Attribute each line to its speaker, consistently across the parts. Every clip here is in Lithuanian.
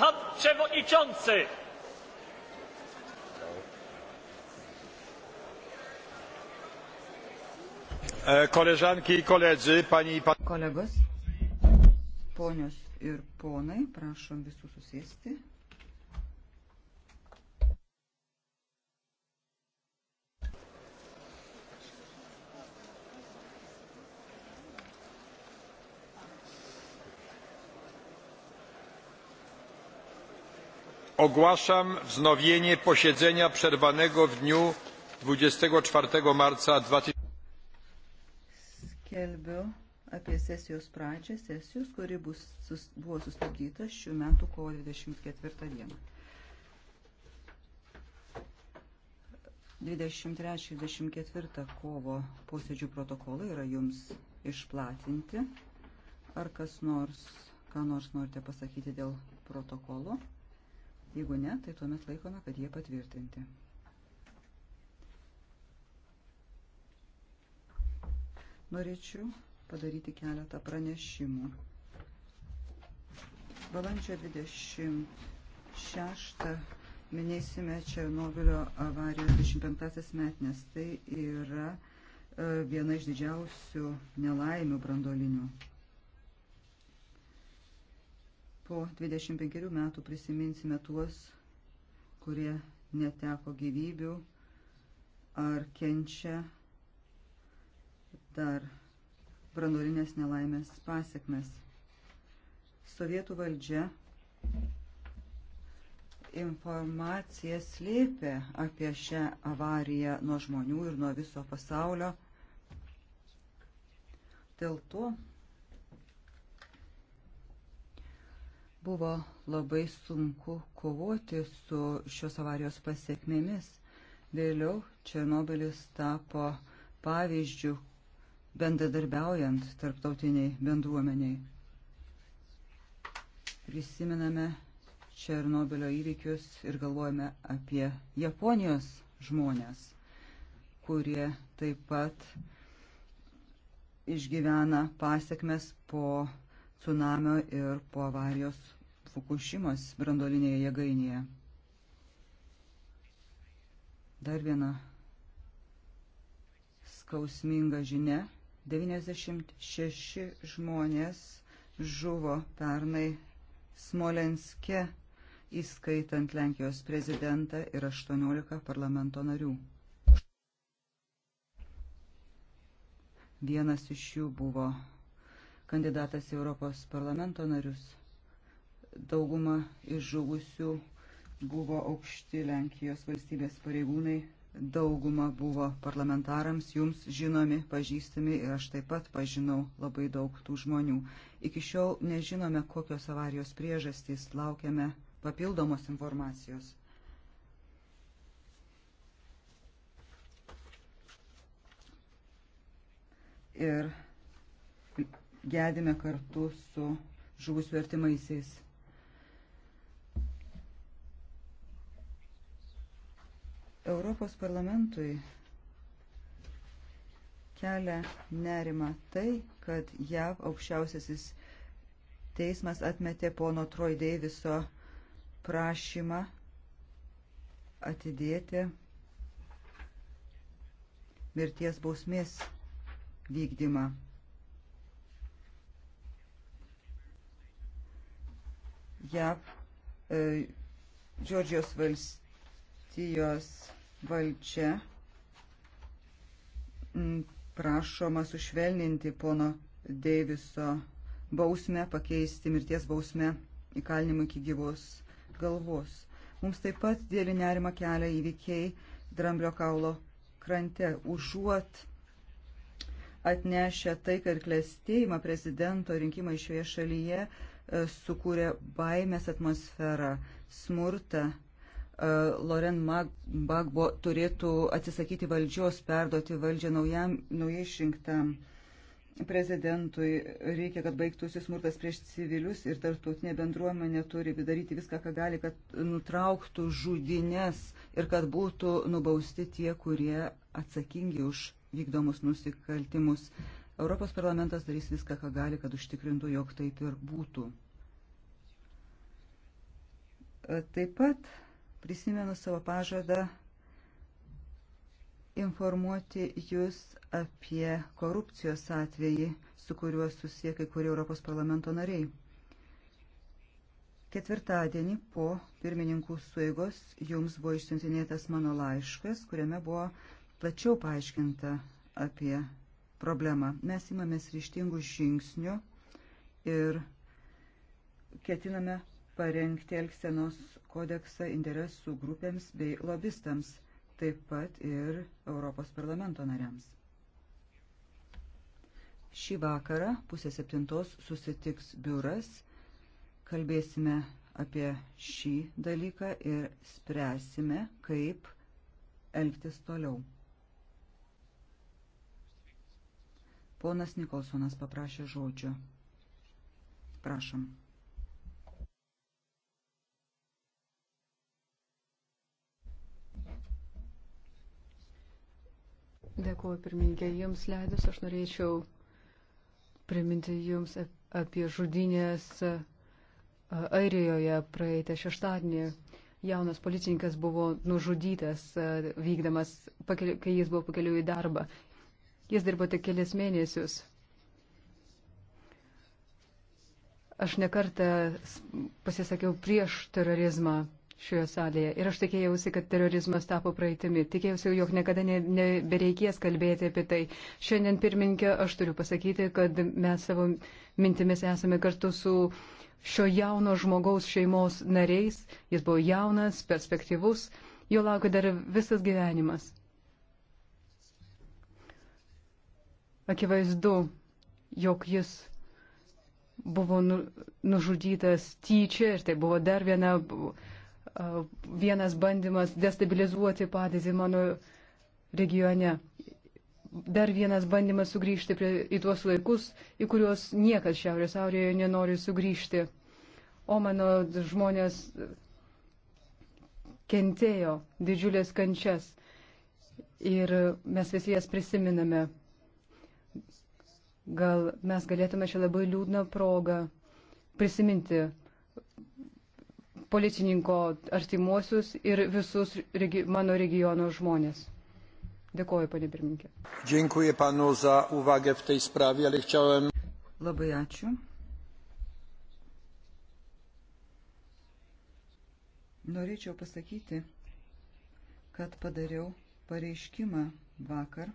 Speaker 1: Pan Przewodniczący!
Speaker 2: E, koleżanki i koledzy, Pani i Pan... Kolegos,
Speaker 1: ponios ir ponai, prašom visų susėsti.
Speaker 2: Ogłaszam wznowienie posiedzenia przerwanego w dniu 24 marca 2000.
Speaker 1: Skelbiu apie sesijos pradžią, sesijos, kuri bus, sus, buvo sustabdyta šių metų kovo 24 dieną. 23-24 kovo posėdžių protokolai yra jums išplatinti. Ar kas nors, ką nors norite pasakyti dėl protokolo? Jeigu ne, tai tuomet laikome, kad jie patvirtinti. Norėčiau padaryti keletą pranešimų. Balandžio 26 minėsime Černobilio avarijos 25 metnės. Tai yra e, viena iš didžiausių nelaimių brandolinių. Po 25 metų prisiminsime tuos, kurie neteko gyvybių ar kenčia dar brandolinės nelaimės pasiekmes. Sovietų valdžia informaciją slėpė apie šią avariją nuo žmonių ir nuo viso pasaulio. Dėl to Buvo labai sunku kovoti su šios avarijos pasiekmėmis. Vėliau Černobilis tapo pavyzdžių bendradarbiaujant tarptautiniai bendruomeniai. Prisimename Černobilio įvykius ir galvojame apie Japonijos žmonės, kurie taip pat išgyvena pasiekmes po tsunamio ir po avarijos Fukushimos brandolinėje jėgainėje. Dar viena skausminga žinia. 96 žmonės žuvo pernai Smolenske, įskaitant Lenkijos prezidentą ir 18 parlamento narių. Vienas iš jų buvo kandidatas į Europos parlamento narius. Dauguma iš žuvusių buvo aukšti Lenkijos valstybės pareigūnai, dauguma buvo parlamentarams, jums žinomi, pažįstami ir aš taip pat pažinau labai daug tų žmonių. Iki šiol nežinome, kokios avarijos priežastys, laukiame papildomos informacijos. Ir gedime kartu su žuvusių artimaisiais. Europos parlamentui kelia nerima tai, kad JAV aukščiausiasis teismas atmetė pono Troy Daviso prašymą atidėti mirties bausmės vykdymą. JAV, e, Džordžijos valstijos valdžia prašoma sušvelninti pono Deiviso bausmę, pakeisti mirties bausmę įkalinimu iki gyvos galvos. Mums taip pat dėlį nerima kelia įvykiai dramblio kaulo krante. Užuot atnešę taiką ir klėstėjimą prezidento rinkimai šioje šalyje, sukūrė baimės atmosferą, smurtą. E, Loren Bagbo turėtų atsisakyti valdžios, perduoti valdžią naujam, naujai išrinktam prezidentui. Reikia, kad baigtųsi smurtas prieš civilius ir tarptautinė bendruomenė turi daryti viską, ką gali, kad nutrauktų žudinės ir kad būtų nubausti tie, kurie atsakingi už vykdomus nusikaltimus. Europos parlamentas darys viską, ką gali, kad užtikrintų, jog taip ir būtų. E, taip pat prisimenu savo pažadą informuoti jūs apie korupcijos atvejį, su kuriuo susiję kai kurie Europos parlamento nariai. Ketvirtadienį po pirmininkų suėgos jums buvo išsintinėtas mano laiškas, kuriame buvo plačiau paaiškinta apie problemą. Mes imamės ryštingų žingsnių ir ketiname parengti Elksenos kodeksą interesų grupėms bei lobistams, taip pat ir Europos parlamento nariams. Šį vakarą pusę septintos susitiks biuras, kalbėsime apie šį dalyką ir spręsime, kaip elgtis toliau. Ponas Nikolsonas paprašė žodžio. Prašom.
Speaker 2: Dėkuoju, pirmininkė. Jums leidus aš norėčiau priminti jums apie žudinės Airijoje praeitą šeštadienį. Jaunas policininkas buvo nužudytas, vykdamas, kai jis buvo pakeliu į darbą. Jis dirbo tik kelias mėnesius. Aš nekartą pasisakiau prieš terorizmą šioje salėje ir aš tikėjausi, kad terorizmas tapo praeitimi. Tikėjausi, jog niekada nebereikės ne, kalbėti apie tai. Šiandien, pirmininkė, aš turiu pasakyti, kad mes savo mintimis esame kartu su šio jauno žmogaus šeimos nariais. Jis buvo jaunas, perspektyvus, jo laukia dar visas gyvenimas. akivaizdu, jog jis buvo nu, nužudytas tyčia ir tai buvo dar viena, vienas bandymas destabilizuoti padėtį mano regione. Dar vienas bandymas sugrįžti prie, į tuos laikus, į kuriuos niekas Šiaurės Aurijoje nenori sugrįžti. O mano žmonės kentėjo didžiulės kančias ir mes visi jas prisiminame. Gal mes galėtume čia labai liūdną progą prisiminti policininko artimuosius ir visus regi mano regiono žmonės. Dėkuoju, panė pirmininkė. Dziękuję panu za uwagę w tej sprawie, ale chciałem. Labai ačiū.
Speaker 1: Norėčiau pasakyti, kad padariau pareiškimą vakar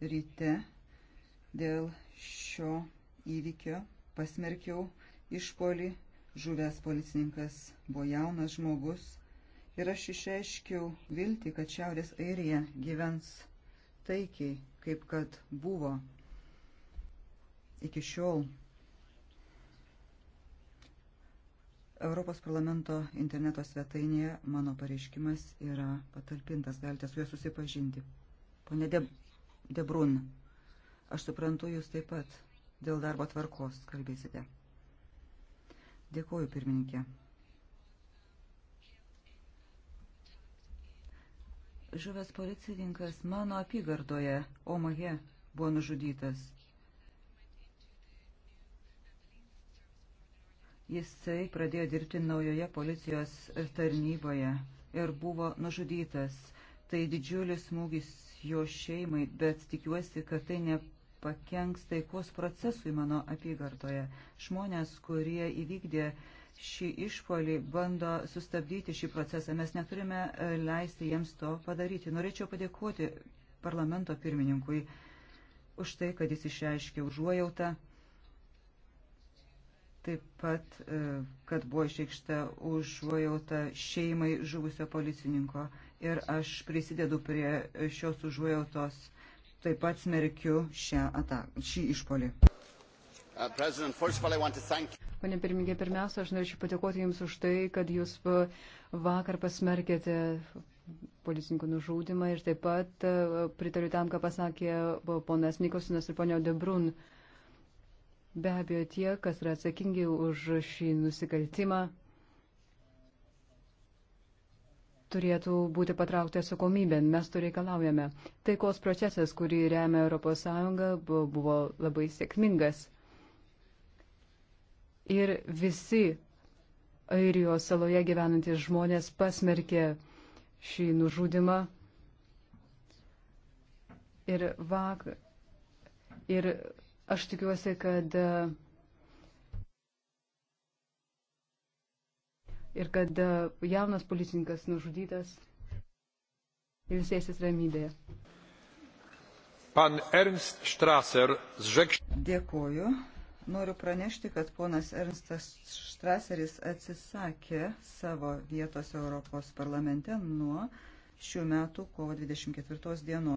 Speaker 1: ryte Dėl šio įvykio pasmerkiau išpolį, žuvęs policininkas buvo jaunas žmogus ir aš išreiškiau viltį, kad Šiaurės Airija gyvens taikiai, kaip kad buvo iki šiol. Europos parlamento interneto svetainėje mano pareiškimas yra patalpintas, galite su juo susipažinti. Pone De, De Brun. Aš suprantu, jūs taip pat dėl darbo tvarkos kalbėsite. Dėkuoju, pirmininkė. Žuvęs policininkas mano apygardoje Omahe buvo nužudytas. Jisai pradėjo dirbti naujoje policijos tarnyboje ir buvo nužudytas. Tai didžiulis smūgis jo šeimai, bet tikiuosi, kad tai ne pakenks taikos procesui mano apygardoje. Žmonės, kurie įvykdė šį išpolį, bando sustabdyti šį procesą. Mes neturime e, leisti jiems to padaryti. Norėčiau padėkoti parlamento pirmininkui už tai, kad jis išreiškė užuojautą. Taip pat, e, kad buvo išreikšta užuojauta šeimai žuvusio policininko. Ir aš prisidedu prie šios užuojautos
Speaker 2: taip pat smerkiu šią ataką, šį išpolį. Uh, Pane pirmininkė, pirmiausia, aš norėčiau patikoti Jums už tai, kad Jūs uh, vakar pasmerkėte policininkų nužudimą ir taip pat uh, pritariu tam, ką pasakė ponas Nikolsonas ir ponio Debrun. Be abejo, tie, kas yra atsakingi už šį nusikaltimą, turėtų būti patraukti atsakomybė. Mes to reikalaujame. Taikos procesas, kurį remia ES, buvo labai sėkmingas. Ir visi Airijos saloje gyvenantis žmonės pasmerkė šį nužudimą. Ir vakar. Ir aš tikiuosi, kad uh, ir kad e, jaunas policininkas nužudytas ir jis eisės ramybėje. Pan Ernst Strasser zžek...
Speaker 1: Dėkuoju. Noriu pranešti, kad ponas Ernstas Štraseris atsisakė savo vietos Europos parlamente nuo šių metų kovo 24 dienos.